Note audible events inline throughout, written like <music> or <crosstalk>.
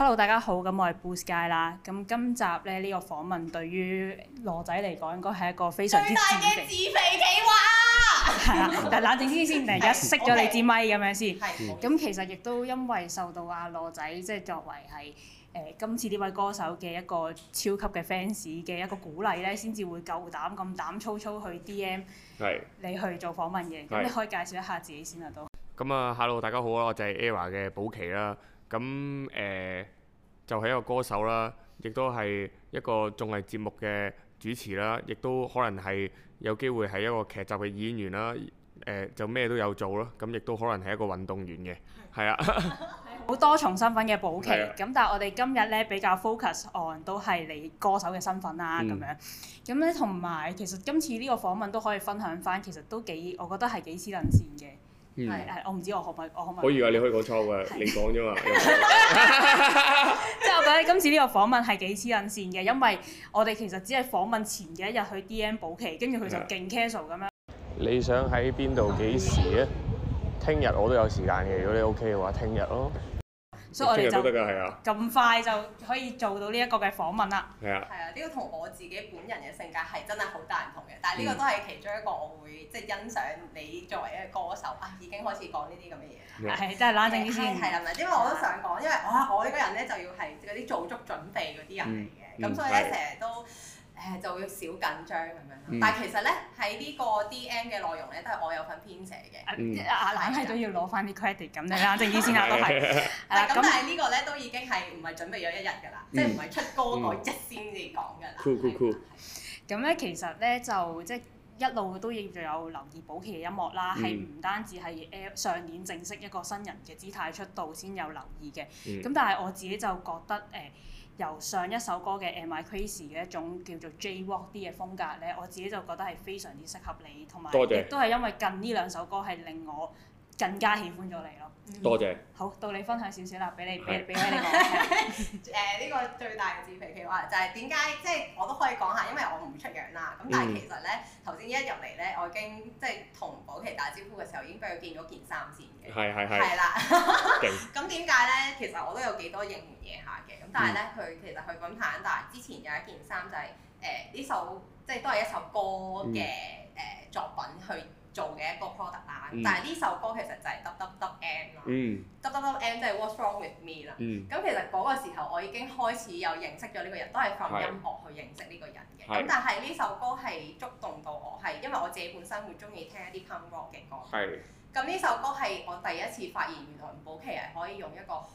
Hello，大家好。咁我係 Blue Sky 啦。咁今集咧呢個訪問對於羅仔嚟講，應該係一個非常之刺激。最大嘅自肥企劃。係啦，但冷靜啲先。大家熄咗你支咪咁樣先。係。咁其實亦都因為受到阿羅仔即係作為係誒今次呢位歌手嘅一個超級嘅 fans 嘅一個鼓勵咧，先至會夠膽咁膽粗粗去 DM 係你去做訪問嘅。咁你可以介紹一下自己先啦，都。咁啊，Hello，大家好啊，我就係 Error 嘅保錡啦。咁誒、呃，就係、是、一個歌手啦，亦都係一個綜藝節目嘅主持啦，亦都可能係有機會係一個劇集嘅演員啦。誒、呃，就咩都有做咯，咁亦都可能係一個運動員嘅，係啊，好 <laughs> 多重身份嘅保錡。咁是、啊、但係我哋今日咧比較 focus on 都係你歌手嘅身份啦，咁、嗯、樣，咁咧同埋其實今次呢個訪問都可以分享翻，其實都幾我覺得係幾 personal 嘅。係係， <music> 我唔知我可唔可以，我可唔可以？可以啊，你可以講錯㗎，是的 你講咗嘛。即係我覺得今次呢個訪問係幾黐緊線嘅，因為我哋其實只係訪問前幾一日去 D M 保錡，跟住佢就勁 casual 咁樣。的你想喺邊度幾時啊？聽日 <music> 我都有時間嘅，如果你 OK 嘅話，聽日咯。所以我哋就咁快就可以做到呢一個嘅訪問啦。係啊，係啊，呢個同我自己本人嘅性格係真係好大唔同嘅。但係呢個都係其中一個我會即係、就是、欣賞你作為一個歌手啊，已經開始講呢啲咁嘅嘢。係 Yeah.、嗯、真係冷靜先。係啦，因為我都想講，因為我我呢個人咧就要係嗰啲做足準備嗰啲人嚟嘅。咁、嗯嗯、所以咧成日都。誒就會少緊張咁樣，但係其實咧喺呢個 D.M 嘅內容咧，都係我有份編寫嘅，阿阿蘭係都要攞翻啲 credit 咁咧，正義先啊都係。咁但係呢個咧都已經係唔係準備咗一日㗎啦，即係唔係出歌嗰日先至講㗎啦。c 咁咧其實咧就即係一路都仍然有留意保錡嘅音樂啦，係唔單止係誒上年正式一個新人嘅姿態出道先有留意嘅，咁但係我自己就覺得誒。由上一首歌嘅《Am I Crazy》嘅一種叫做 J-Walk 啲嘅風格咧，我自己就覺得係非常之適合你，同埋亦都係因為近呢兩首歌係令我更加喜歡咗你。多謝。好，到你分享少少啦，俾你俾俾你講。誒，呢、呃這個最大嘅自肥，譬如話就係點解，即、就、係、是、我都可以講下，因為我唔出樣啦。咁但係其實咧，頭先、嗯、一入嚟咧，我已經即係、就是、同保錡打招呼嘅時候，已經俾佢見到件衫先嘅。係係係。啦。勁。咁點解咧？其實我都有幾多應援嘢下嘅。咁但係咧，佢、嗯、其實佢咁坦白，但之前有一件衫就係誒呢首，即係都係一首歌嘅誒、呃嗯、作品去。做嘅一個 product 啦，嗯、但係呢首歌其實就係、是、W W M 啦、嗯、W W M 即係、就是、What’s Wrong With Me 啦。咁、嗯、其實嗰個時候我已經開始有認識咗呢個人，都係放音樂去認識呢個人嘅。咁是但係呢首歌係觸動到我，係因為我自己本身會中意聽一啲 country rock 嘅歌。咁呢首歌係我第一次發現原來吳保錡係可以用一個好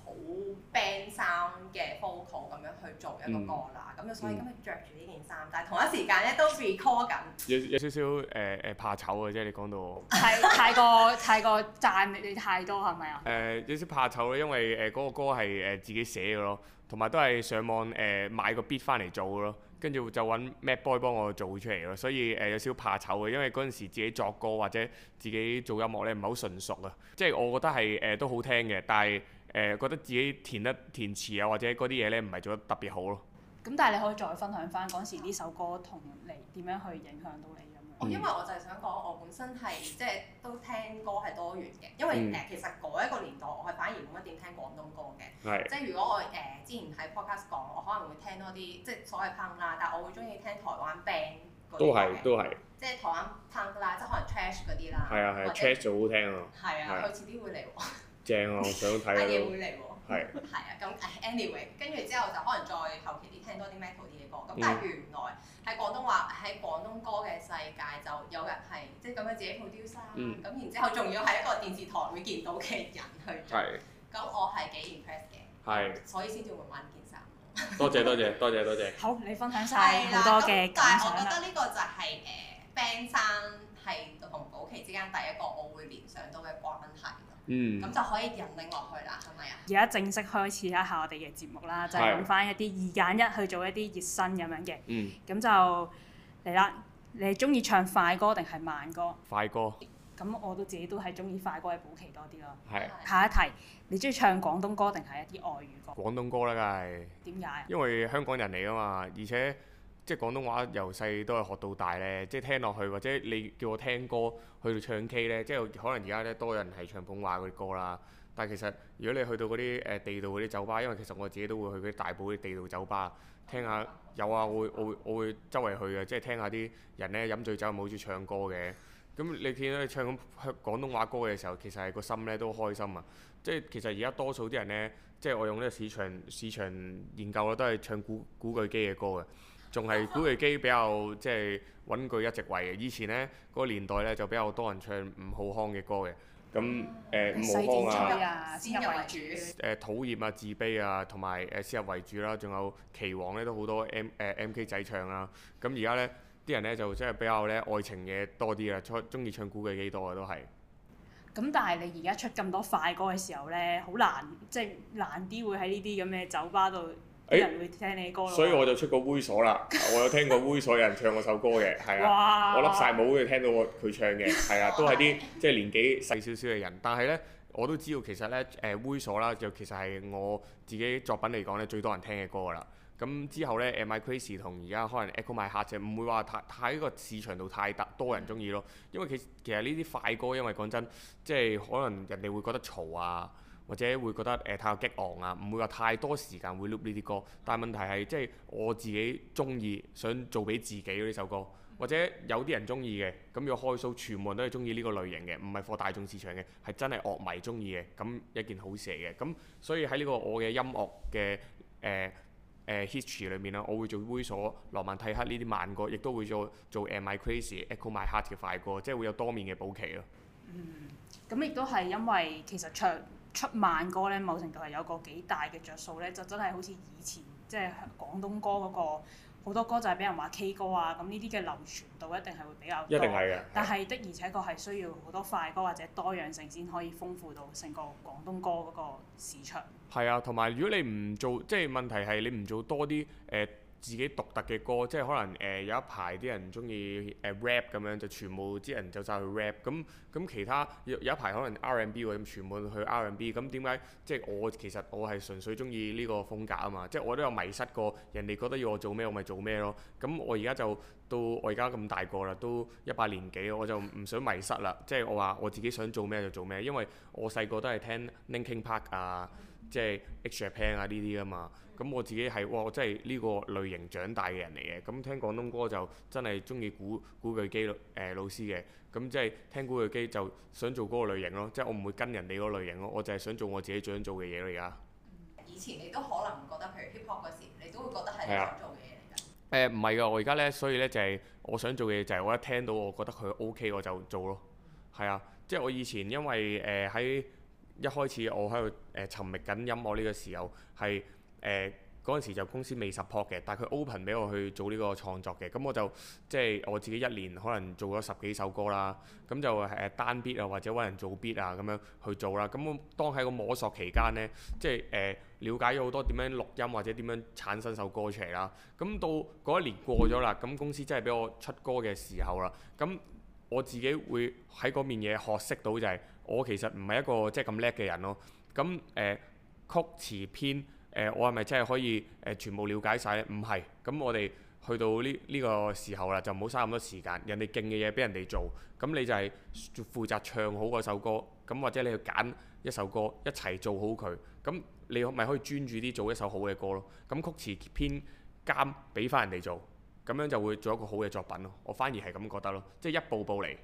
band 衫嘅 vocal 咁樣去做一個歌啦。咁、嗯、所以今日着住呢件衫，嗯、但係同一時間咧都 record 緊。有有少少誒誒、呃、怕醜嘅啫，你講到 <laughs> 太，太過太過讚你太多係咪啊？誒、呃、有少少怕醜咯，因為誒嗰、呃那個歌係誒、呃、自己寫嘅咯，同埋都係上網誒、呃、買個 beat 翻嚟做嘅咯。跟住就揾 Mad Boy 幫我做出嚟咯，所以誒、呃、有少少怕醜嘅，因為嗰陣時自己作歌或者自己做音樂咧唔係好純熟啊，即係我覺得係誒、呃、都好聽嘅，但係誒、呃、覺得自己填得填詞啊或者嗰啲嘢咧唔係做得特別好咯。咁但係你可以再分享翻嗰陣時呢首歌同你點樣去影響到你？因為我就係想講，我本身係即係都聽歌係多元嘅，因為誒其實嗰一個年代我係反而冇乜點聽廣東歌嘅，即係如果我誒之前喺 Podcast 講，我可能會聽多啲即係所謂 punk 啦，但係我會中意聽台灣 band 啲都係都係，即係台灣 punk 啦，即係可能 trash 嗰啲啦，係啊係啊 trash 最好聽啊，係啊，佢遲啲會嚟喎，正啊，想睇阿爺會嚟喎，係，係啊，咁 anyway 跟住之後就可能再後期啲聽多啲 metal 啲嘅歌，咁但係原來。喺廣東話，喺廣東歌嘅世界就有人係即係咁樣自己好丟衫，咁、嗯、然之後仲要係一個電視台會見到嘅人去，咁、嗯、我係幾 impressed 嘅，嗯、所以先至會買件衫。多謝多謝多謝多謝。多謝 <laughs> 好，你分享曬咁多嘅感想但係我覺得呢個就係誒，band 衫係同保錡之間第一個我會聯想到嘅關係。嗯，咁就可以引領落去啦，係咪啊？而家正式開始一下我哋嘅節目啦，就係、是、用翻一啲二揀一去做一啲熱身咁樣嘅。嗯，咁就嚟啦，你中意唱快歌定係慢歌？快歌。咁我都自己都係中意快歌嘅保錡多啲咯。係是。下一題，你中意唱廣東歌定係一啲外語歌？廣東歌啦，梗係。點解？因為香港人嚟噶嘛，而且。即係廣東話，由細都係學到大咧。即係聽落去，或者你叫我聽歌去到唱 K 咧，即係可能而家咧多人係唱普通話嗰啲歌啦。但係其實如果你去到嗰啲誒地道嗰啲酒吧，因為其實我自己都會去啲大埔啲地道酒吧聽下。有啊，我會我會我會周圍去嘅，即係聽下啲人咧飲醉酒，咪好中意唱歌嘅。咁你見到你唱咁廣東話歌嘅時候，其實係個心咧都開心啊！即係其實而家多數啲人咧，即係我用呢個市場市場研究啦，都係唱古古巨基嘅歌嘅。仲係古巨基比較即係穩佔一席位嘅。以前咧嗰、那個年代咧就比較多人唱吳浩康嘅歌嘅。咁誒、呃嗯、啊！唔使點吹啊，先入為主。誒討厭啊、自卑啊，同埋誒先入為主啦、啊，仲有呢《期王》咧都好多 M 誒、呃、M K 仔唱啦、啊。咁而家咧啲人咧就即係比較咧愛情嘢多啲啦，唱鍾意唱古巨基多嘅都係。咁但係你而家出咁多快歌嘅時候咧，好難即係、就是、難啲會喺呢啲咁嘅酒吧度。誒，所以我就出過猥瑣啦。 <laughs> 我有聽過猥瑣有人唱嗰首歌嘅，係啊，哇我笠晒帽去聽到佢唱嘅，係啊，都係啲即係年紀細少少嘅人。 <laughs> 但係呢，我都知道其實呢，誒、呃、猥瑣啦，就其實係我自己作品嚟講呢最多人聽嘅歌啦。咁之後呢誒 Am I Crazy 同而家可能 Echo My Heart，唔會話太喺個市場度太大多人中意咯。因為其實其實呢啲快歌，因為講真，即係可能人哋會覺得嘈啊。或者會覺得誒、呃、太有激昂啊，唔會話太多時間會 loop 呢啲歌。但係問題係即係我自己中意想做俾自己呢首歌，或者有啲人中意嘅咁。如果開 show，全部人都係中意呢個類型嘅，唔係 for 大眾市場嘅，係真係樂迷中意嘅，咁一件好事嚟嘅。咁所以喺呢個我嘅音樂嘅誒、呃呃、history 裏面啦，我會做猥瑣、羅曼蒂克呢啲慢歌，亦都會做做《Am I Crazy》《Echo My Heart》嘅快歌，即係會有多面嘅保錡咯、啊。嗯，咁亦都係因為其實唱。出慢歌咧，某程度係有個幾大嘅着數咧，就真係好似以前即係廣東歌嗰個好多歌就係俾人話 K 歌啊，咁呢啲嘅流傳度一定係會比較多。一定係嘅。但係的而且確係需要好多快歌或者多樣性先可以豐富到成個廣東歌嗰個市場。係啊，同埋如果你唔做，即係問題係你唔做多啲誒。呃自己獨特嘅歌，即係可能誒、呃、有一排啲人中意誒 rap 咁樣，就全部啲人就晒去 rap。咁咁其他有一排可能 R&B 咁，全部去 R&B。咁點解？即係我其實我係純粹中意呢個風格啊嘛。即係我都有迷失過，人哋覺得要我做咩，我咪做咩咯。咁我而家就到我而家咁大個啦，都一把年紀，我就唔想迷失啦。即係我話我自己想做咩就做咩，因為我細個都係聽 Linkin Park 啊。即係 X Japan 啊呢啲啊嘛，咁我自己係哇，我真係呢個類型長大嘅人嚟嘅，咁聽廣東歌就真係中意古古巨基咯，誒老師嘅，咁即係聽古巨基就想做嗰個類型咯，即係我唔會跟人哋嗰個類型咯，我就係想做我自己最想做嘅嘢嚟噶。以前你都可能覺得，譬如 hip hop 嗰時，你都會覺得係你想做嘅嘢嚟㗎。誒唔係㗎，我而家咧，所以咧就係我想做嘅嘢就係我一聽到我覺得佢 OK 我就做咯。係啊，即係我以前因為誒喺。呃一開始我喺度誒尋覓緊音樂呢個時候，係誒嗰陣時就公司未 support 嘅，但係佢 open 俾我去做呢個創作嘅，咁我就即係、就是、我自己一年可能做咗十幾首歌啦，咁就誒單 beat 啊或者揾人做 beat 啊咁樣去做啦。咁我當喺個摸索期間呢，即係誒了解咗好多點樣錄音或者點樣產生首歌出嚟啦。咁到嗰一年過咗啦，咁、嗯、公司真係俾我出歌嘅時候啦，咁我自己會喺嗰面嘢學識到就係、是。我其實唔係一個即係咁叻嘅人咯，咁誒、呃、曲詞編誒、呃、我係咪真係可以誒、呃、全部了解曬？唔係，咁我哋去到呢呢、呢個時候啦，就唔好嘥咁多時間。人哋勁嘅嘢俾人哋做，咁你就係負責唱好嗰首歌，咁或者你去揀一首歌一齊做好佢，咁你咪可、可以專注啲做一首好嘅歌咯。咁曲詞編監俾翻人哋做，咁樣就會做一個好嘅作品咯。我反而係咁覺得咯，即係一步步嚟。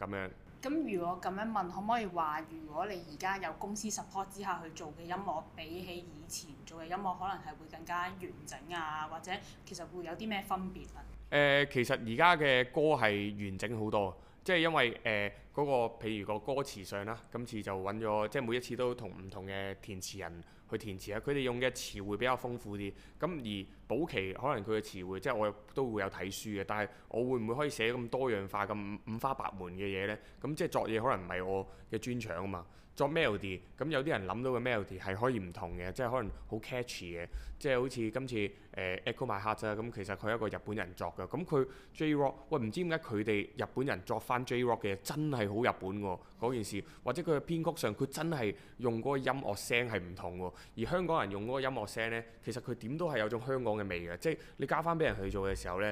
咁樣，咁如果咁樣問，可唔可以話，如果你而家有公司 support 之下去做嘅音樂，比起以前做嘅音樂，可能係會更加完整啊，或者其實會有啲咩分別啊？誒，其實而家嘅歌係完整好多，即係因為誒嗰個譬如個歌詞上啦，今次就揾咗，即係每一次都同唔同嘅填詞人。去填詞啊！佢哋用嘅詞會比較豐富啲。咁而保錡可能佢嘅詞彙，即係我都會有睇書嘅。但係我會唔會可以寫咁多樣化、咁五花八門嘅嘢呢？咁即係作嘢可能唔係我嘅專長啊嘛。作 melody，咁有啲人諗到嘅 melody 係可以唔同嘅，即係可能好 catchy 嘅，即係好似今次誒、呃《Echo My Heart》咋，咁其實佢係一個日本人作嘅，咁佢 J Rock 喂，唔知點解佢哋日本人作翻 J Rock 嘅真係好日本喎嗰件事，或者佢嘅編曲上佢真係用嗰個音樂聲係唔同喎，而香港人用嗰個音樂聲呢，其實佢點都係有種香港嘅味嘅，即係你加翻俾人去做嘅時候呢，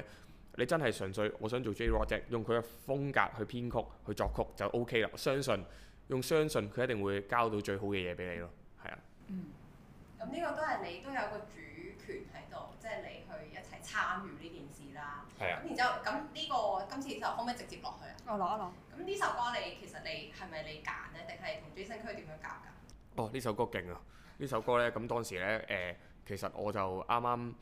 你真係純粹我想做 J Rock 啫，用佢嘅風格去編曲去作曲就 OK 啦，相信。用相信佢一定會交到最好嘅嘢俾你咯，係啊。嗯。咁呢個都係你都有個主權喺度，即係你去一齊參與呢件事啦。係啊。咁然之後，咁呢個今次首可唔可以直接落去啊？我攞一攞。咁呢首歌你其實你係咪你揀呢？定係同 J 星區佢點樣夾㗎？哦，呢首歌勁啊！呢首歌呢，咁當時呢，誒、呃，其實我就啱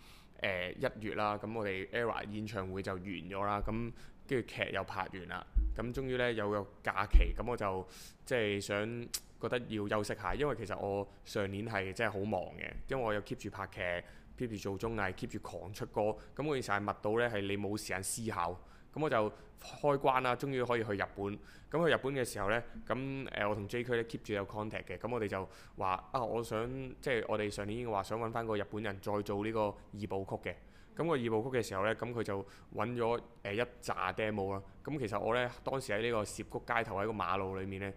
啱一月啦，咁我哋 ERROR 演唱會就完咗啦，咁。跟住劇又拍完啦，咁終於呢有個假期，咁我就即係想覺得要休息下，因為其實我上年係真係好忙嘅，因為我有 keep 住拍劇，keep 住做綜藝，keep 住狂出歌，咁我陣時係密到呢係你冇時間思考，咁我就開關啦，終於可以去日本。咁去日本嘅時候呢，咁誒我同 J 區呢 keep 住有 contact 嘅，咁我哋就話啊我想即係我哋上年已經話想揾翻個日本人再做呢個二部曲嘅。咁個二部曲嘅時候呢，咁佢就揾咗誒一扎 demo 啦。咁其實我呢，當時喺呢個涉谷街頭喺個馬路裏面呢，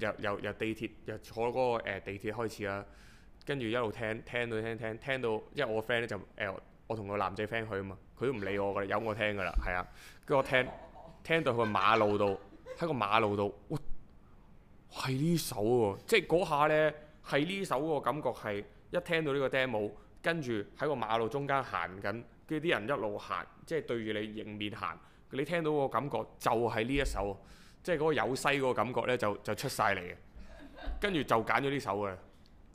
由由由地鐵由坐嗰，那個、呃、地鐵開始啦，啊，跟住一路聽聽到聽聽聽到，因為我個 friend 咧就誒、呃、我同個男仔 friend 去啊嘛，佢都唔理我噶啦，有我聽噶啦，係啊，跟住我聽聽到去馬路度喺 <laughs> 個馬路度，哇係呢首喎，啊，即係嗰下呢，係呢首個感覺係一聽到呢個 demo，跟住喺個馬路中間行緊。跟住啲人一路行，即係對住你迎面行，你聽到個感覺就係呢一首，即係嗰個有西嗰個感覺咧就就出曬嚟嘅。跟住就揀咗呢首嘅。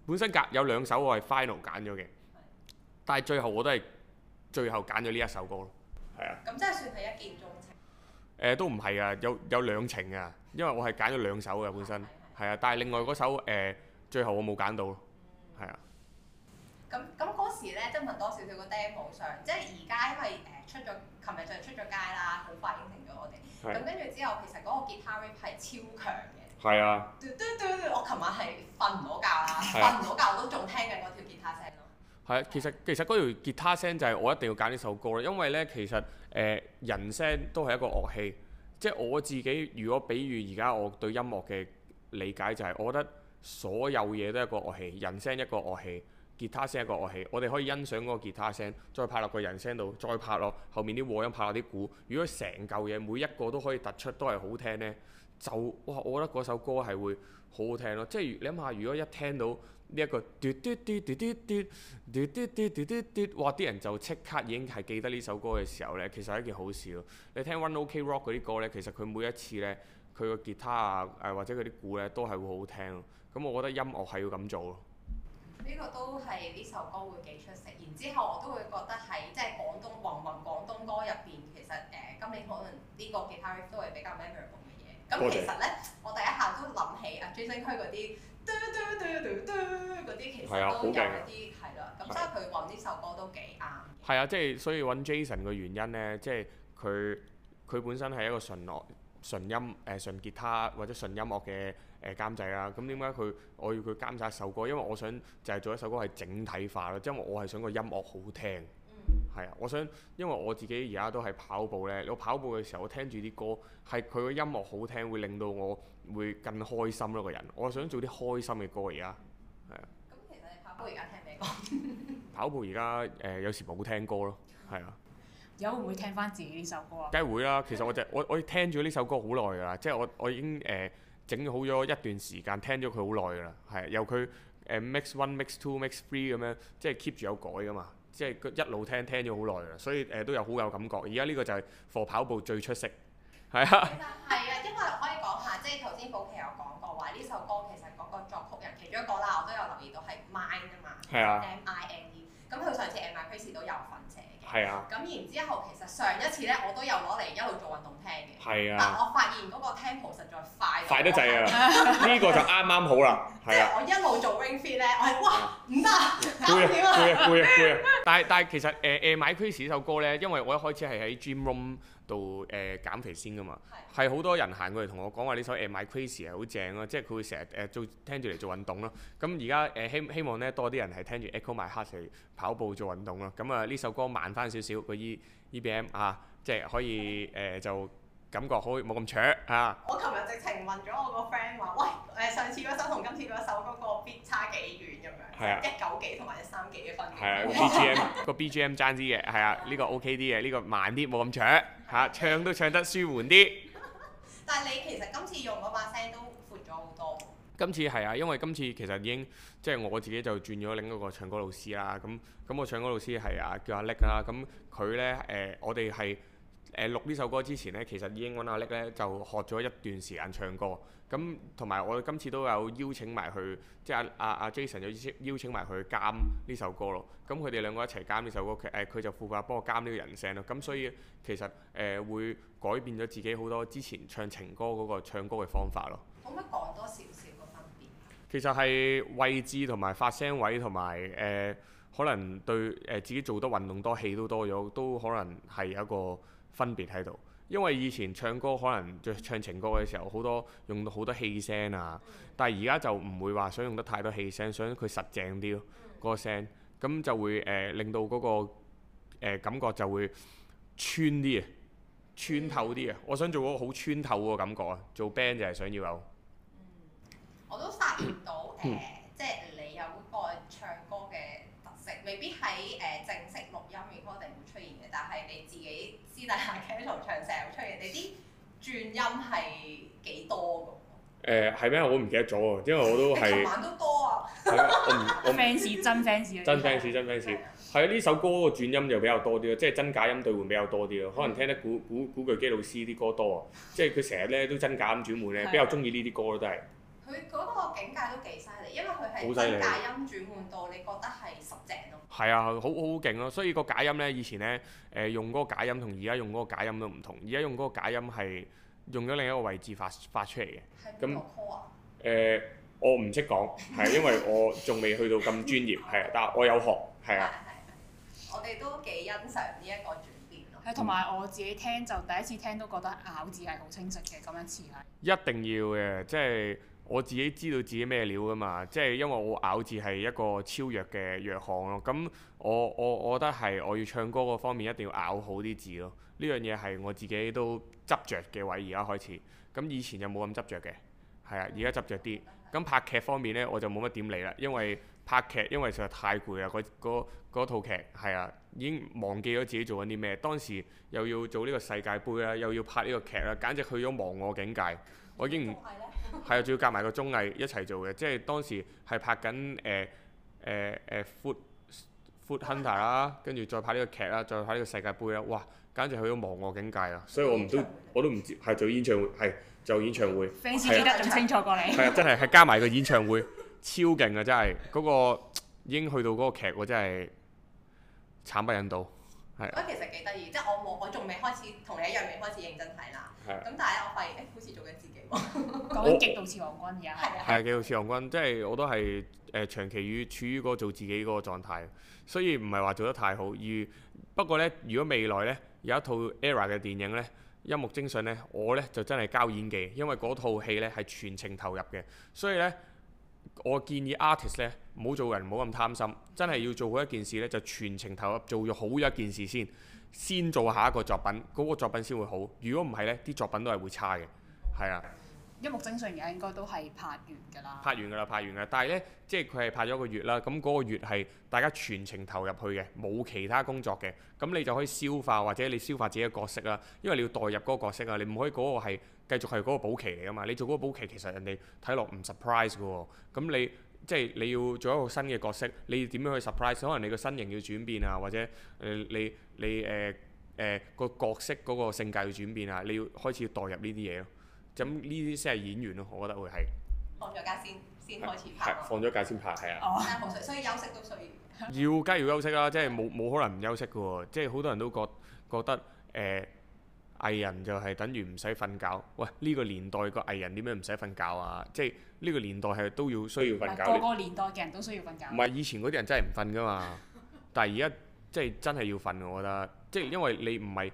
本身隔有兩首我係 final 揀咗嘅，但係最後我都係最後揀咗呢一首歌咯。係啊。咁即係算係一見鐘情？誒，都唔係啊，有有兩程啊，因為我係揀咗兩首嘅本身。係啊，但係另外嗰首誒，最後我冇揀到。咁咁嗰時咧，都問多少少個 demo 上，即係而家因為誒出咗，琴日就出咗街啦，好快應承咗我哋。咁、啊、跟住之後，其實嗰個吉他 rap 係超強嘅。係啊。嘟嘟嘟！我琴晚係瞓唔到覺啦，瞓唔到覺我都仲聽緊嗰條吉他聲咯。係啊，啊其，其實其實嗰條吉他聲就係我一定要揀呢首歌咧，因為咧其實誒、呃、人聲都係一個樂器，即、就、係、是、我自己如果比喻而家我對音樂嘅理解就係、是、我覺得所有嘢都係一個樂器，人聲一個樂器。吉他聲一個樂器，我哋可以欣賞嗰個吉他聲，再拍落個人聲度，再拍落後面啲和音拍落啲鼓。如果成嚿嘢每一個都可以突出都係好聽呢。就哇！我覺得嗰首歌係會好好聽咯。即係你諗下，如果一聽到呢一個嘟嘟嘟嘟嘟嘟嘟嘟嘟嘟嘟嘟，哇！啲人就即刻已經係記得呢首歌嘅時候呢，其實係一件好事咯。你聽 One OK Rock 嗰啲歌呢，其實佢每一次呢，佢個吉他啊誒或者佢啲鼓呢，都係會好聽咯。咁我覺得音樂係要咁做咯。呢個都係呢首歌會幾出色，然之後我都會覺得喺即係廣東混混廣東歌入邊，其實誒、呃、今年可能呢個吉他曲都會比較 memorable 嘅嘢。咁謝其實呢，我第一下都諗起啊，追星區嗰啲嗰啲其實都有一啲係啦。咁即係佢揾呢首歌都幾啱。係啊，即係所以揾 Jason 嘅原因呢，即係佢佢本身係一個純樂純音誒純吉他或者純音樂嘅。誒、監製啦，咁點解佢我要佢監製一首歌？因為我想就係做一首歌係整體化咯，因為我係想個音樂好聽，係啊、嗯，我想因為我自己而家都係跑步咧，我跑步嘅時候我聽住啲歌，係佢個音樂好聽會令到我會更開心咯，個人，我想做啲開心嘅歌而家，係啊。咁其實你跑步而家聽咩歌？ <laughs> <laughs> 跑步而家誒，有時冇聽歌咯，係啊。有，會唔會聽翻自己呢首歌啊？梗係會啦，其實我就 <laughs> 我我聽住呢首歌好耐㗎喇，即係我我已經誒。呃整好咗一段時間，聽咗佢好耐噶啦，係由佢誒、呃、m i x One、m i x Two、m i x Three 咁樣，即係 keep 住有改噶嘛，即係一路聽聽咗好耐啦，所以誒、呃、都有好有感覺。而家呢個就係課跑步最出色，係啊。係啊，因為可以講下，即係頭先保錡有講過話呢首歌其實嗰個作曲人其中一個啦，我都有留意到係 Mind 啊嘛的，M I N D。咁、e，佢上次 M I P S 都有係啊，咁然之後其實上一次咧，我都有攞嚟一路做運動聽嘅。係啊，但我發現嗰個 tempo 實在快，快得滯 <laughs> 啊。呢個就啱啱好啦。係啊，我一路做 Ring Fit 咧，我係哇唔得，攰啊攰啊攰啊！但係但係其實誒誒 Echo My Heart 呢首歌咧，因為我一開始係喺 gym room。度誒、呃、減肥先㗎嘛，係好是多人行過嚟同我講話呢首誒《My Crazy》係好正咯、啊，即係佢會成日誒做聽住嚟做運動咯。咁而家誒希希望咧多啲人係聽住《Echo My Heart》嚟跑步做運動咯。咁啊呢首歌慢翻少少個 EBM 啊，即係可以誒 Okay.、呃、就感覺好冇咁搶嚇。啊、我琴日直情問咗我個 friend 話，喂誒上次嗰首同今次嗰首嗰個、beat、差幾遠咁樣？係啊，一九幾同埋一三幾嘅分。係啊，BGM 個 BGM 爭啲嘅，係啊，呢個 OK 啲嘅，呢、呢個慢啲冇咁搶。嚇、啊，唱都唱得舒緩啲。 <laughs> 但係你其實今次用嗰把聲都闊咗好多。今次係啊，因為今次其實已經即係、就是、我自己就轉咗另一個唱歌老師啦。咁咁我唱歌老師係啊叫阿叻啦、啊。咁佢咧誒，我哋係。誒、呃、錄呢首歌之前咧，其實已經揾阿叻咧就學咗一段時間唱歌，咁同埋我今次都有邀請埋去，即係阿阿阿 Jason 有邀請埋佢監呢首歌咯。咁佢哋兩個一齊監呢首歌，其實佢就負責幫我監呢個人聲咯。咁所以其實誒、呃、會改變咗自己好多之前唱情歌嗰個唱歌嘅方法咯。可唔可以講多少少個分別？其實係位置同埋發聲位同埋誒可能對誒、呃、自己做得運動多，氣都多咗，都可能係有一個分別喺度，因為以前唱歌可能就唱情歌嘅時候，好多用到好多氣聲啊，嗯、但係而家就唔會話想用得太多氣聲，想佢實淨啲咯，嗯、個聲，咁就會誒、呃、令到嗰、嗰個、呃、感覺就會穿啲啊，穿透啲啊。嗯、我想做嗰個好穿透嘅感覺啊，做 band 就係想要有、嗯，我都發現到 <coughs> <coughs> 大夏機頭唱成日出嚟，你啲轉音係幾多㗎？誒係咩？我唔記得咗喎，因為我都係。昨晚都多啊！ <laughs> 我唔，fans 絲真 fans 絲真 fans 真 fans，係啊！呢絲首歌個轉音就比較多啲咯，即係真假音對換比較多啲咯。可能聽得古古古巨基老師啲歌多啊，即係佢成日咧都真假音轉換咧， <laughs> 比較中意呢啲歌咯，的都係。佢嗰個境界都幾犀利，因為佢係假音轉換到你覺得係實正咯。係啊，好好勁咯！所以個假音咧，以前咧，誒、呃、用嗰個假音同而家用嗰個假音都唔同。而家用嗰個假音係用咗另一個位置發發出嚟嘅。咁邊我唔識講，係、 <laughs> 啊、因為我仲未去到咁專業，係 <laughs> 啊，但係我有學，係啊，啊，啊。我哋都幾欣賞呢一個轉變咯。係、啊，同埋、嗯、我自己聽就第一次聽都覺得咬字係好清晰嘅，咁樣詞係。一定要嘅，即係。我自己知道自己咩料噶嘛，即係因為我咬字係一個超弱嘅弱項咯。咁我我我覺得係我要唱歌嗰方面一定要咬好啲字咯。呢樣嘢係我自己都執着嘅位，而家開始。咁以前就冇咁執着嘅，係啊，而家執着啲。咁拍劇方面呢，我就冇乜點理啦，因為拍劇因為實在太攰啦，嗰嗰嗰套劇，係啊，已經忘記咗自己做緊啲咩。當時又要做呢個世界盃啦，又要拍呢個劇啦，簡直去咗忘我境界。我已經唔。係啊，仲要夾埋個綜藝一齊做嘅，即係當時係拍緊誒誒 food food hunter 啦、啊，跟住再拍呢個劇啦，再拍呢個世界盃啦，哇！簡直去到忘我境界啦。所以我唔都我都唔知係做演唱會，係做演唱會。fans 記得咁清楚過你。係啊，真係係加埋個演唱會 <laughs> 超勁啊！真係嗰、嗰個已經去到嗰個劇，我真係慘不忍睹。喂，其實幾得意，即係我冇，我仲未開始同你一樣，未開始認真睇啦。咁的但係我發現誒、欸、好似做緊自己喎、啊，講 <laughs> 極度似王君，而家係啊，係啊，極度似王君，即係我都係誒、呃、長期於處於個做自己嗰個狀態，所以唔係話做得太好。如不過呢，如果未來呢有一套 Error 嘅電影呢，一目精神呢，我呢就真係交演技，因為嗰套戲呢係全程投入嘅，所以呢。我建議 artist 咧，唔好做人，唔好咁貪心，真係要做好一件事咧，就全程投入做好一件事先，先做下一個作品，嗰個作品先會好。如果唔係咧，啲作品都係會差嘅。係啊。一目正常嘅應該都係拍完㗎啦，拍完㗎啦，拍完㗎。但係咧，即係佢係拍咗一個月啦。咁嗰個月係大家全程投入去嘅，冇其他工作嘅。咁你就可以消化或者你消化自己嘅角色啦。因為你要代入嗰個角色啊，你唔可以嗰個係繼續係嗰個保錡嚟㗎嘛。你做嗰個保錡其實人哋睇落唔 surprise 㗎喎。咁你即係、就是、你要做一個新嘅角色，你要點樣去 surprise？可能你個身形要轉變啊，或者誒你你誒誒、呃呃那個角色嗰個性格要轉變啊，你要開始要代入呢啲嘢咯。咁呢啲先係演員咯、啊，我覺得會係放咗假先先開始拍。放咗假先拍，係啊。但、哦、所以休息都需要。 <laughs> 要梗係要休息啦、啊，即係冇冇可能唔休息㗎喎、啊。即係好多人都覺得覺得誒藝、呃、人就係等於唔使瞓覺。喂，呢、這個年代個藝人點樣唔使瞓覺啊？即係呢個年代係都要需要瞓覺。個是你個年代嘅人都需要瞓覺。唔係以前嗰啲人真係唔瞓㗎嘛， <laughs> 但係而家即係真係要瞓，我覺得即係因為你唔係。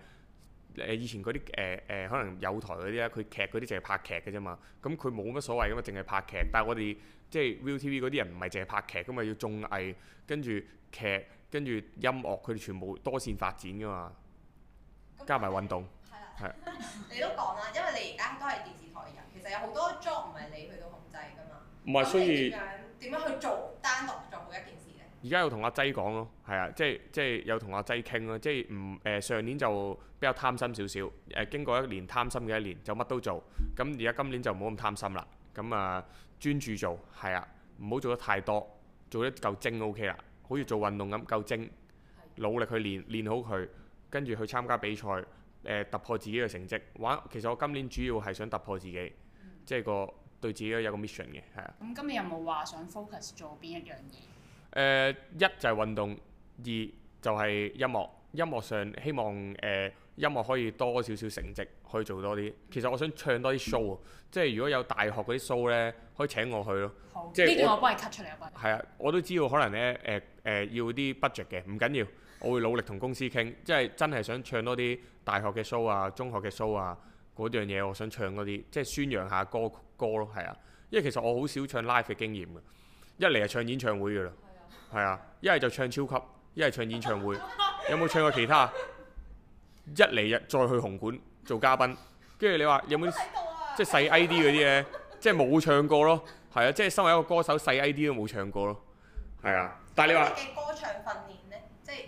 誒以前嗰啲誒誒可能有台嗰啲啦，佢劇嗰啲淨係拍劇嘅啫嘛，咁佢冇乜所謂噶嘛，淨係拍劇。但係我哋即係 ViuTV 嗰啲人唔係淨係拍劇噶嘛，要綜藝跟住劇跟住音樂，佢哋全部多線發展噶嘛，加埋運動係。你都講啦，因為你而家都係電視台人，其實有好多 job 唔係你去到控制噶嘛。唔係是，所以點樣去做單獨做好一件而家有同阿劑講咯，係啊，即係即係有同阿劑傾咯，即係唔誒上年就比較貪心少少，誒經過一年貪心嘅一年就乜都做，咁而家今年就唔好咁貪心啦，咁、嗯、啊專注做，係啊，唔好做得太多，做得夠精 O K 啦，好似做運動咁夠精，努力去練，練好佢，跟住去參加比賽，誒、呃、突破自己嘅成績。玩，其實我今年主要係想突破自己，即係、嗯、個對自己有個 mission 嘅，係啊。咁、嗯、今日有冇話想 focus 做邊一樣嘢？誒、呃、一就係運動，二就係音樂。音樂上希望誒、呃、音樂可以多少少成績，可以做多啲。其實我想唱多啲 show 啊、嗯，即係如果有大學嗰啲 show 呢，可以請我去咯。呢段好我，我幫你 cut 出嚟啊，我幫你。係啊，我都知道可能呢，誒、呃、誒、呃、要啲 budget 嘅，唔緊要，我會努力同公司傾，即係真係想唱多啲大學嘅 show 啊、中學嘅 show 啊嗰樣嘢，我想唱嗰啲，即係宣揚下歌歌咯，係啊，因為其實我好少唱 live 嘅經驗嘅，一嚟係唱演唱會噶啦。係啊，一係就唱超級，一係唱演唱會，有冇唱過其他？一嚟日再去紅館做嘉賓，跟住你話有冇即係細 I D 嗰啲嘢？即係冇唱過咯，係啊，即係身為一個歌手細 I D 都冇唱過咯，係啊。但係你話嘅歌唱訓練咧，即係誒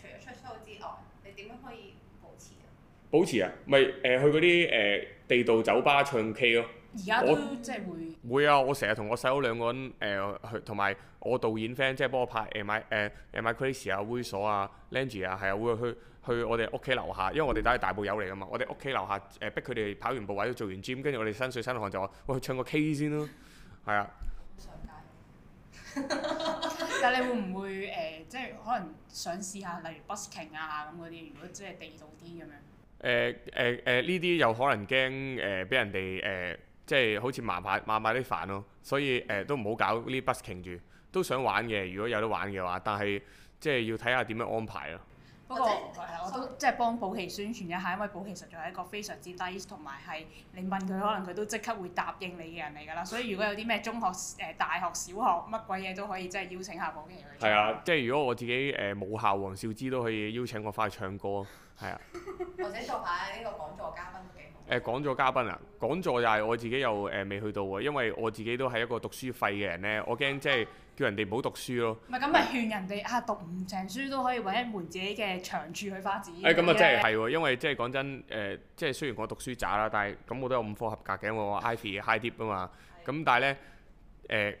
除咗出 show 之外，你點樣可以保持啊？保持啊，咪誒去啲誒地道酒吧唱 K 咯。而家都即係會會啊！我成日同我細佬兩個人誒去，同、呃、埋我導演 friend 即係幫我拍誒 my 誒誒 crazy 啊、會所啊、lange 啊，係啊，會去去我哋屋企樓下，因為我哋都係大埔友嚟㗎嘛。我哋屋企樓下誒逼佢哋跑完步或者做完 gym，跟住我哋身水身汗就話喂去唱個 k 先咯，係、嗯、 <laughs> 啊。上街，但你會唔會誒、呃、即係可能想試下，例如 busking 啊咁嗰啲，如果即係地道啲咁樣誒誒誒呢啲又可能驚誒俾人哋誒。呃呃呃 <laughs> 即係好似麻麻麻麻啲飯咯，所以誒、呃、都唔好搞呢 busking 住，都想玩嘅。如果有得玩嘅話，但係即係要睇下點樣安排咯。就是、不過我都即係幫保錡宣傳一下，因為保錡實在係一個非常之 nice，同埋係你問佢可能佢都即刻會答應你嘅人嚟㗎啦。所以如果有啲咩中學、誒大學、小學乜鬼嘢都可以即係邀請下保錡。去唱。係啊，嗯、即係如果我自己誒母、呃、校黃少芝都可以邀請我翻去唱歌，係 <laughs> 啊。或者做下呢個講座嘉賓。誒講座嘉賓啊，講座又係我自己又誒未、呃、去到喎，因為我自己都係一個讀書廢嘅人咧，我驚即係叫人哋唔好讀書咯。唔係咁，咪勸人哋啊，讀唔成書都可以揾一門自己嘅長處去發展。誒咁、哎嗯、你啊，真係係喎，嗯、因為即係講真，誒即係雖然我讀書渣啦，但係咁我都有五科合格嘅因為我 Ivy High Dip 嘛，咁、嗯、但係咧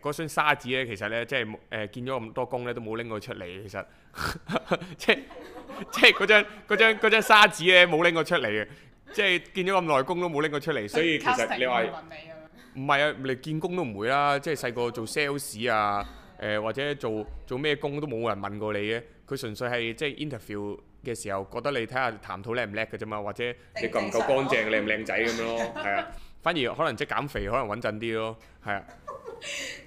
誒嗰箱沙紙咧，其實咧即係誒見咗咁多工咧，都冇拎佢出嚟，其實即即係嗰張嗰張嗰張沙紙咧，冇拎佢出嚟嘅。即係見咗咁耐，工都冇拎佢出嚟，所以其實你話唔係啊，你見工都唔會啦。即係細個做 sales 啊，誒、就是啊呃、或者做做咩工都冇人問過你嘅、啊。佢純粹係即係 interview 嘅時候覺得你睇下談吐叻唔叻嘅啫嘛，或者你夠唔夠乾淨、靚唔靚仔咁樣咯。係 <laughs> 啊，反而可能即係減肥，可能穩陣啲咯。係啊。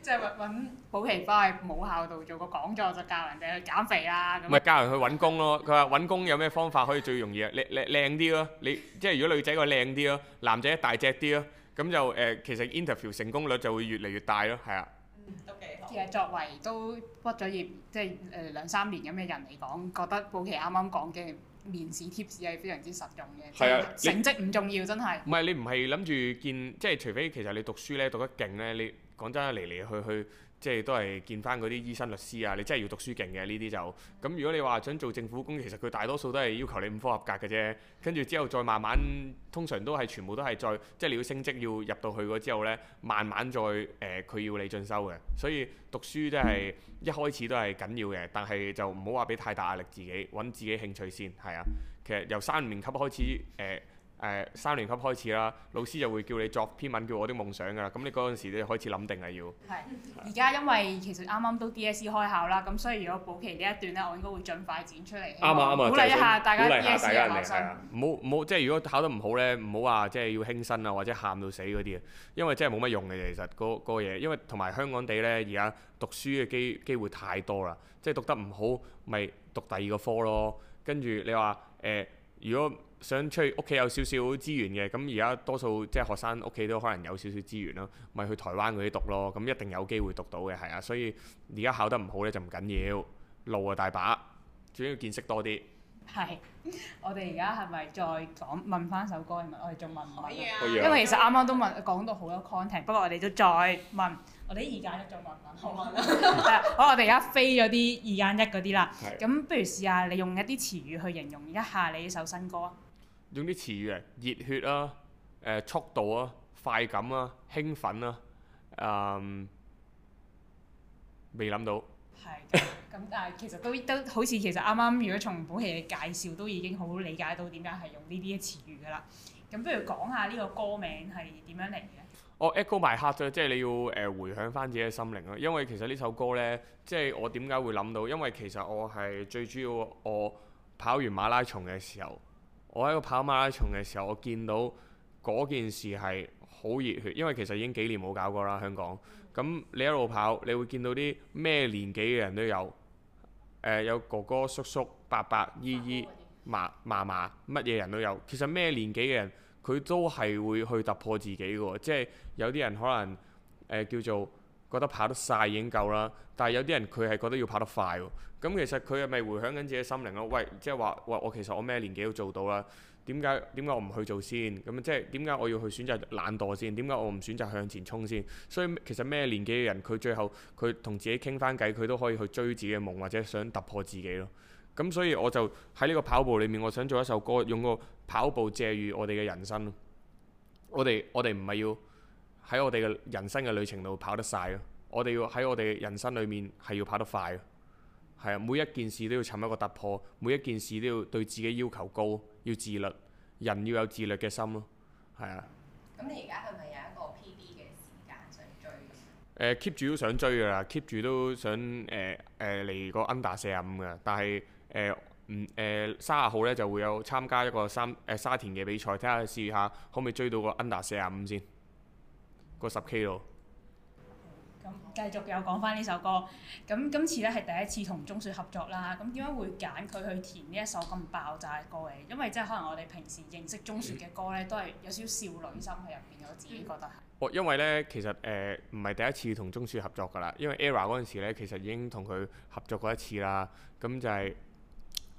即係揾揾保錡翻去母校度做個講座，就教人哋去減肥啦。咪教人去揾工咯。佢話揾工有咩方法可以最容易？靚靚靚啲咯。你即係如果女仔個靚啲咯，男仔大隻啲咯，咁就誒，其實 interview 成功率就會越嚟越大咯。係啊，都幾好。其實作為都畢咗業即係誒兩三年咁嘅人嚟講，覺得保錡啱啱講嘅面試 tips 係非常之實用嘅。係啊，成績唔重要，真係。唔係你唔係諗住見，即係除非其實你讀書咧讀得勁咧，你。講真，嚟嚟去去，即係都係見翻嗰啲醫生、律師啊，你真係要讀書勁嘅呢啲就。咁如果你話想做政府工，其實佢大多數都係要求你五科合格嘅啫。跟住之後再慢慢，通常都係全部都係再，即係你要升職要入到去嗰之後呢，慢慢再誒，佢要你進修嘅。所以讀書都係一開始都係緊要嘅，但係就唔好話俾太大壓力自己，揾自己興趣先，係啊。其實由三年級開始誒。誒三年級開始啦，老師就會叫你作篇文叫我的夢想㗎啦。咁你嗰陣時你就開始諗定啦要。係，而家因為其實啱啱都 DSE 開考啦，咁所以如果保錡呢一段咧，我應該會盡快展出嚟。啱啊啱鼓勵一下大家 DSE 嘅考生。唔好唔好，即係如果考得唔好咧，唔好話即係要輕生啊，或者喊到死嗰啲啊，因為真係冇乜用嘅。其實嗰個嘢，因為同埋香港地咧，而家讀書嘅機機會太多啦，即係讀得唔好咪讀第二個科咯。跟住你話誒、呃，如果想出去屋企有少少資源嘅，咁而家多數即係學生屋企都可能有少少資源咯，咪去台灣嗰啲讀咯，咁一定有機會讀到嘅係啊！所以而家考得唔好咧就唔緊要，路啊大把，仲要見識多啲。係，我哋而家係咪再講問翻首歌？唔咪？我哋仲問問，可以啊。因為其實啱啱都問講到好多 content，不過我哋都再問，我哋而家一再問問好唔好啦。 <laughs> <laughs> 好，我哋而家飛咗啲二間一嗰啲啦。係的。咁不如試下你用一啲詞語去形容一下你呢首新歌用啲詞語啊，熱血啊，誒、呃、速度啊，快感啊，興奮啊，嗯，未諗到的。係、 <laughs> 嗯，咁但係其實都都好似其實啱啱如果從保錡嘅介紹都已經好好理解到點解係用呢啲詞語㗎啦。咁不如講下呢個歌名係點樣嚟嘅？我、oh, echo my heart 啫，即係你要誒、呃、回響翻自己嘅心靈啊。因為其實呢首歌咧，即係我點解會諗到？因為其實我係最主要我跑完馬拉松嘅時候。我喺度跑馬拉松嘅時候，我見到嗰件事係好熱血，因為其實已經幾年冇搞過啦香港。咁你一路跑，你會見到啲咩年紀嘅人都有，誒、呃、有哥哥、叔叔、伯伯、姨姨、嫲嫲嫲，乜嘢人都有。其實咩年紀嘅人，佢都係會去突破自己嘅喎。即係有啲人可能誒、呃、叫做。覺得跑得晒已經夠啦，但係有啲人佢係覺得要跑得快喎。咁其實佢係咪回響緊自己心靈咯？喂，即係話喂，我其實我咩年紀都做到啦，點解點解我唔去做先？咁即係點解我要去選擇懶惰先？點解我唔選擇向前衝先？所以其實咩年紀嘅人，佢最後佢同自己傾翻偈，佢都可以去追自己嘅夢或者想突破自己咯。咁所以我就喺呢個跑步裡面，我想做一首歌，用個跑步借喻我哋嘅人生。我哋我哋唔係要。喺我哋嘅人生嘅旅程度跑得晒咯。我哋要喺我哋嘅人生裏面係要跑得快咯，係啊。每一件事都要尋一個突破，每一件事都要對自己要求高，要自律，人要有自律嘅心咯。係啊。咁你而家係咪有一個 p b 嘅時間想追？誒 keep 住都想追噶啦，keep 住都想誒誒嚟個 under 四啊五噶。但係誒唔誒三啊號咧就會有參加一個三誒沙田嘅比賽，睇下試下可唔可以追到個 under 四啊五先。個十 K 咯。咁、嗯、繼續又講翻呢首歌。咁今次咧係第一次同鍾說合作啦。咁點解會揀佢去填呢一首咁爆炸嘅歌嘅？因為即係可能我哋平時認識鍾說嘅歌咧，都係有少少少女心喺入邊。我自己覺得。嗯嗯、哦，因為咧其實誒唔係第一次同鍾說合作㗎啦。因為 Error 嗰時咧，其實已經同佢合作過一次啦。咁就係、是、誒、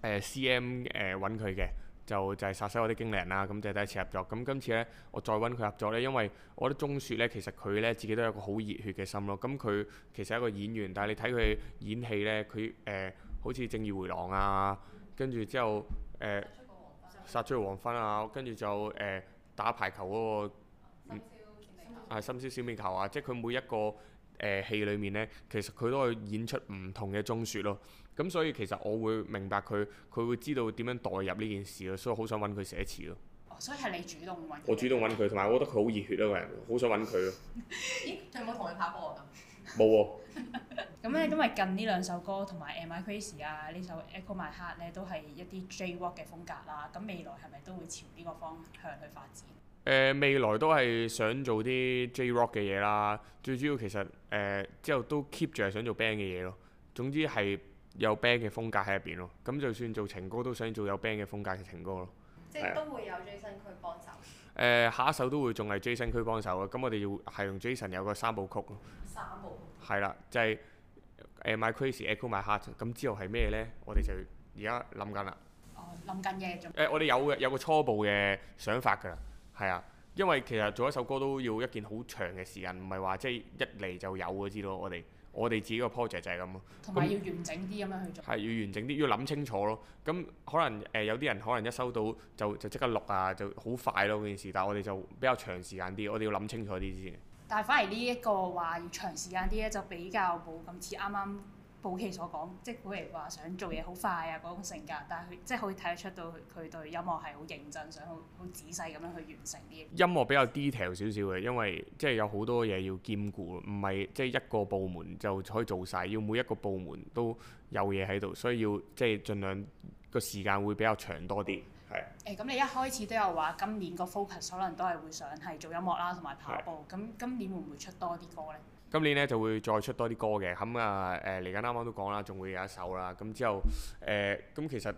呃、CM 誒揾佢嘅。就就係殺死我啲經理人啦，咁就第一次合作。咁今次咧，我再揾佢合作咧，因為我覺得鍾雪咧，其實佢咧自己都有一個好熱血嘅心咯。咁佢其實係一個演員，但係你睇佢演戲咧，佢誒、呃、好似《正義回廊》啊，跟住之後誒呃、《殺出個黃昏》啊，黃昏啊，跟住就誒、呃、打排球嗰、嗰個、嗯、小小球啊，啊《深宵小面球》啊，即係佢每一個誒、呃、戲裡面咧，其實佢都去演出唔同嘅鍾雪咯。咁所以其實我會明白佢，佢會知道點樣代入呢件事咯，所以我好想揾佢寫詞咯、哦。所以係你主動揾？我主動揾佢，同埋我覺得佢好熱血咯、啊，個人好想揾佢咯。 <laughs> 咦？有冇同佢跑步啊？咁冇喎。咁咧，因為近呢兩首歌同埋《Am I Crazy》啊，呢首《Echo My Heart》咧都係一啲 J Rock 嘅風格啦。咁未來係咪都會朝呢個方向去發展？誒、呃，未來都係想做啲 J Rock 嘅嘢啦。最主要其實誒、呃，之後都 keep 住係想做 band 嘅嘢咯。總之係。有 band 嘅風格喺入邊咯，咁就算做情歌都想做有 band 嘅風格嘅情歌咯。即係都會有 Jason 佢幫手。誒、呃，下一首都會仲係 Jason 佢幫手嘅，咁我哋要係用 Jason 有個三部曲咯。三部？係啦，就係 Am I Crazy、Echo My Heart，咁之後係咩呢？嗯、我哋就而家諗緊啦。哦，諗緊嘢。我哋有嘅有個初步嘅想法㗎啦，係啊，因為其實做一首歌都要一件好長嘅時間，唔係話即係一嚟就有嘅，知道我哋。我哋自己個 project 就係咁咯，同埋要完整啲咁樣去做。係那要完整啲，要諗清楚咯。咁、嗯、可能誒、呃、有啲人可能一收到就就即刻錄啊，就好快咯件事。但係我哋就比較長時間啲，我哋要諗清楚啲先。但係反而呢一個話要長時間啲咧，就比較冇咁似啱啱，保錡所講，即係譬如話想做嘢好快啊嗰種性格，但係佢即係可以睇得出到佢對音樂係好認真，想好好仔細咁樣去完成啲音樂比較 detail 少少嘅，因為即係有好多嘢要兼顧，唔係即係一個部門就可以做晒，要每一個部門都有嘢喺度，所以要即係盡量個時間會比較長多啲。係、欸。誒，咁你一開始都有話今年個 focus 可能都係會想係做音樂啦，同埋跑步。咁是今年會唔會出多啲歌呢？今年咧就會再出多啲歌嘅，咁啊誒嚟緊啱啱都講啦，仲會有一首啦，咁、嗯、之後誒咁、呃嗯、其實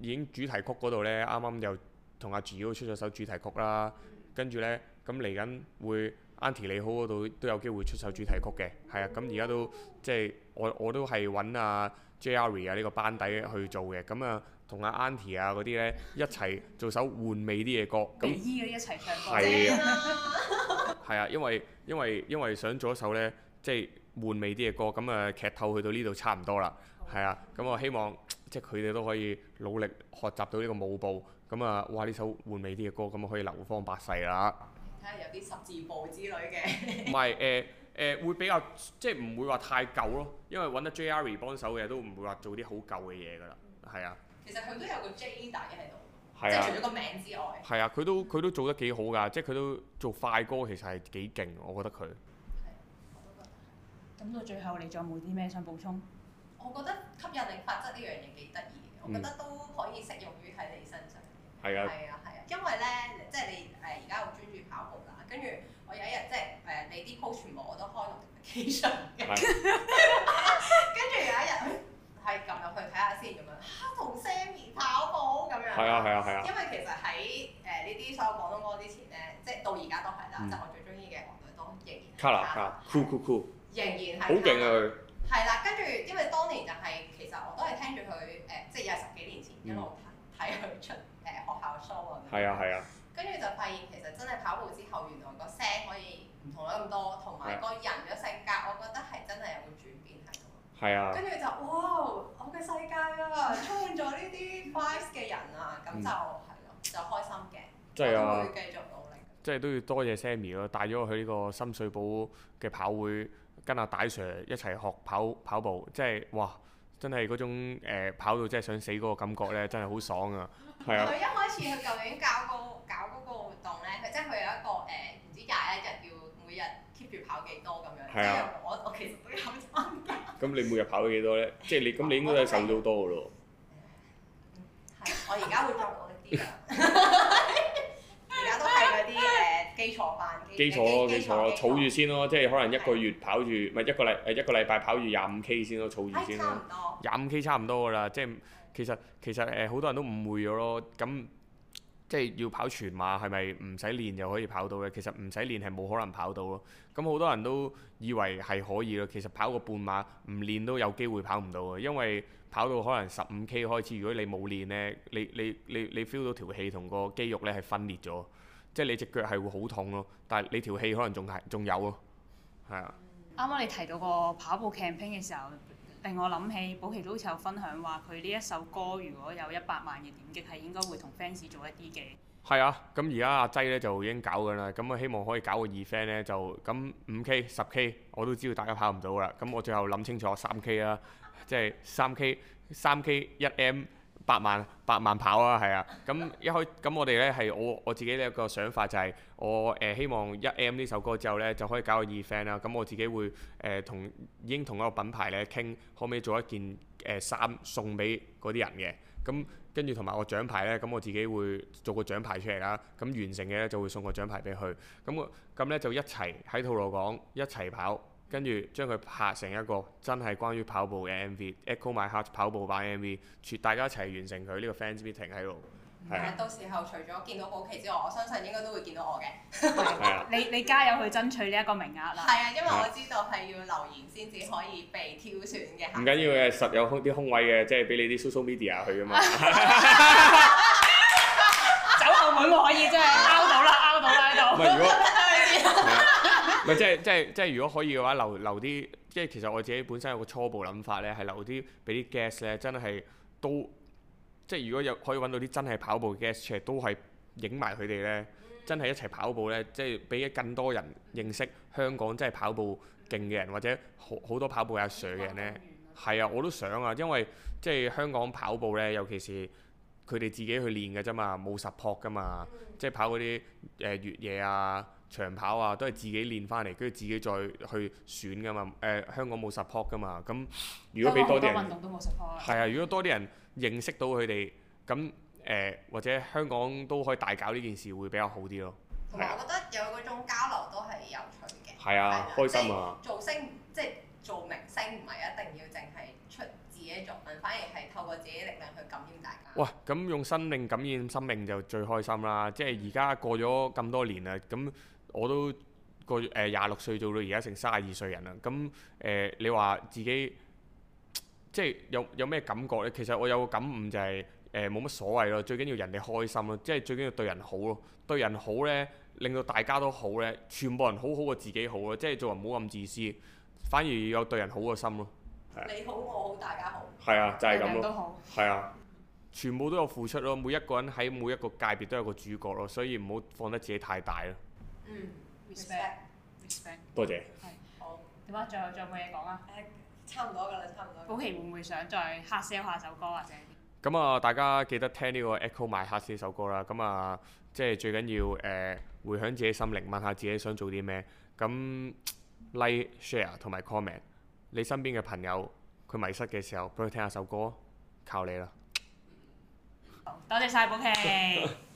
已經主題曲嗰度咧，啱啱又同阿 Jio 出咗首主題曲啦，跟住咧咁嚟緊會 <music> Auntie 你好嗰度都有機會出首主題曲嘅。係 <music> 啊，咁而家都即係、就是、我我都係揾阿 Jerry 啊呢個班底去做嘅，咁、嗯、啊。嗯同阿 Aunty 啊嗰啲咧一齊做首換味啲嘅歌，咁依個一齊唱係啊，係 <laughs> 啊，因為因為因為想做一首咧即係換味啲嘅歌，咁、嗯、啊劇透去到呢度差唔多啦，係好啊，咁我希望即係佢哋都可以努力學習到呢個舞步，咁啊哇呢首換味啲嘅歌咁啊、嗯、可以流芳百世啦。睇下有啲十字步之類嘅。唔係誒誒會比較即係唔會話太舊咯，因為揾得 j r r y 幫手嘅都唔會話做啲好舊嘅嘢㗎啦，係、嗯、啊。其實佢都有個 J 大嘅喺度，啊、即係除咗個名之外。係啊，佢都佢都做得幾好㗎，嗯、即係佢都做快歌，其實係幾勁，我覺得佢。係、啊，我都覺得係。咁到最後，你仲有冇啲咩想補充？我覺得吸引力法則呢樣嘢幾得意，我覺得都可以適用於喺你身上。係、嗯、啊。係啊，係啊，啊，因為咧，即係你誒而家好專注跑步啦，跟住我有一日，即係誒、呃、你啲鋪全部我都開到嘅，啊、 <laughs> <laughs> 跟住有一日。係撳入去睇下先咁樣，嚇同 Sammy 跑步咁樣。係啊係啊係啊！因為其實喺誒呢啲所有廣東歌之前咧，即係到而家都係啦，即係我最中意嘅樂隊都仍然係。Kolor，Kolor，酷酷酷，仍然係 Kolor。好勁啊！佢。係啦，跟住因為當年就係其實我都係聽住佢誒，即係又係十幾年前一路睇佢出誒學校 show 啊。係啊係啊。跟住就發現其實真係跑步之後，原來個聲可以唔同咗咁多，同埋個人嘅性格，我覺得係真係有個轉變喺度。係啊。跟住就哇！世界啊，充滿咗呢啲 vice 嘅人啊，咁就係咯，嗯啊、就開心嘅，即都會繼續努力、啊。即係都要多謝 Sammy 咯，帶咗我去呢個深水埗嘅跑會，跟阿大 Sir 一齊學跑跑步。即係哇，真係嗰種、呃、跑到真係想死嗰個感覺咧，真係好爽啊！係啊，佢、 <laughs> 啊、一開始佢舊年搞，搞個搞嗰活動咧，佢即係佢有一個誒唔、呃、知廿一日要每日 keep 住跑幾多咁樣，即係、啊、我我其實都有參加咁、嗯、你每日跑咗幾多咧？即係你咁，你應該都係瘦咗好多嘅咯。我而家會做嗰啲而家都係嗰啲誒基礎班。基,基礎，基礎，儲住先咯、喔。即係可能一個月跑住，唔係的一個禮誒一個禮拜跑住廿五 K 先咯，儲住先咯。廿五 K 差唔多嘅啦。即係其實其實誒好、呃、多人都誤會咗咯。咁。即係要跑全馬，係咪唔使練就可以跑到咧？其實唔使練係冇可能跑到咯。咁好多人都以為係可以咯。其實跑個半馬唔練都有機會跑唔到嘅，因為跑到可能十五 K 開始，如果你冇練咧，你你你 feel 到條氣同個肌肉咧係分裂咗，即係你隻腳係會好痛咯。但係你條氣可能仲係仲有咯，係啊。啱啱你提到個跑步 camping 嘅時候。令我諗起，保錡都好似有分享話，佢呢一首歌如果有一百萬嘅點擊，係應該會同 fans 做一啲嘅。係啊，咁而家阿劑咧就已經搞緊啦，咁啊希望可以搞個二 fan 咧就咁五 k 十 k，我都知道大家跑唔到啦，咁我最後諗清楚三 k 啦，即係三 k 三 k 一 m。百萬百萬跑啊，係啊！咁一開咁我哋咧係我我自己一個想法就係、是、我誒、呃、希望一 M 呢首歌之後咧就可以搞個 event 啦。咁我自己會誒、呃、同已經同一個品牌咧傾可唔可以做一件誒衫、呃、送俾嗰啲人嘅。咁、啊、跟住同埋我獎牌咧，咁、啊、我自己會做個獎牌出嚟啦。咁、啊啊、完成嘅咧就會送個獎牌俾佢。咁、啊、我，咁、啊、咧就一齊喺吐露港一齊跑。跟住將佢拍成一個真係關於跑步嘅 MV，Echo My Heart 跑步版 MV，全大家一齊完成佢呢個 fans meeting 喺度。啊、到時候除咗見到保錡之外，我相信應該都會見到我嘅。你你加油去爭取呢一個名額啦。係啊，因為我知道係要留言先至可以被挑選嘅。唔緊要嘅，實有啲空位嘅，即係俾你啲 social media 去啊嘛。 <laughs> <laughs> <laughs> 走後門我可以真係 out 到啦，out 到啦喺度。如果 <laughs> <laughs> 唔即係即係即係，如果可以嘅話，留留啲，即係其實我自己本身有個初步諗法咧，係留啲俾啲 guest 咧，真係都即係如果有可以揾到啲真係跑步嘅 guest，其實都係影埋佢哋咧，真係一齊跑步咧，即係俾更多人認識香港真係跑步勁嘅人，或者好好多跑步阿 Sir 嘅人咧。係啊，我都想啊，因為即係香港跑步咧，尤其是佢哋自己去練嘅啫嘛，冇 support 噶嘛，即係跑嗰啲誒越野啊。長跑啊，都係自己練翻嚟，跟住自己再去選噶嘛。誒、呃，香港冇 support 噶嘛。咁、嗯、如果俾多啲運動都冇 support，係啊，如果多啲人認識到佢哋，咁誒、呃、或者香港都可以大搞呢件事，會比較好啲咯。同埋我覺得有嗰種交流都係有趣嘅，係啊，反正開心啊。做星即係做明星，唔係一定要淨係出自己作品，反而係透過自己力量去感染大家。哇！咁用生命感染生命就最開心啦。即係而家過咗咁多年啦，咁。我都個誒廿六歲做到而家成三十二歲人啦。咁誒、呃，你話自己即係有有咩感覺呢？其實我有個感悟就係誒冇乜所謂咯。最緊要人哋開心咯，即係最緊要對人好咯。對人好呢，令到大家都好呢，全部人好好過自己好咯。即係做人唔好咁自私，反而要有對人好嘅心咯。你好我好大家好。係啊，就係咁咯。都好。係啊，全部都有付出咯。每一個人喺每一個界別都有個主角咯，所以唔好放得自己太大咯。嗯，respect，respect。多 Respect. Respect. 謝，謝。係好。點啊？最後再冇嘢講啊？誒，差唔多㗎啦，差唔多。保錡會唔會想再 hard sell 下首歌啊？或者？咁啊、嗯，大家記得聽呢個 Echo My Heart 首歌啦。咁、嗯、啊，即係最緊要誒，回、呃、響自己心靈，問下自己想做啲咩。咁 like share 同埋 comment，你身邊嘅朋友佢迷失嘅時候，幫佢聽下首歌，靠你啦！多謝晒保錡。 <laughs>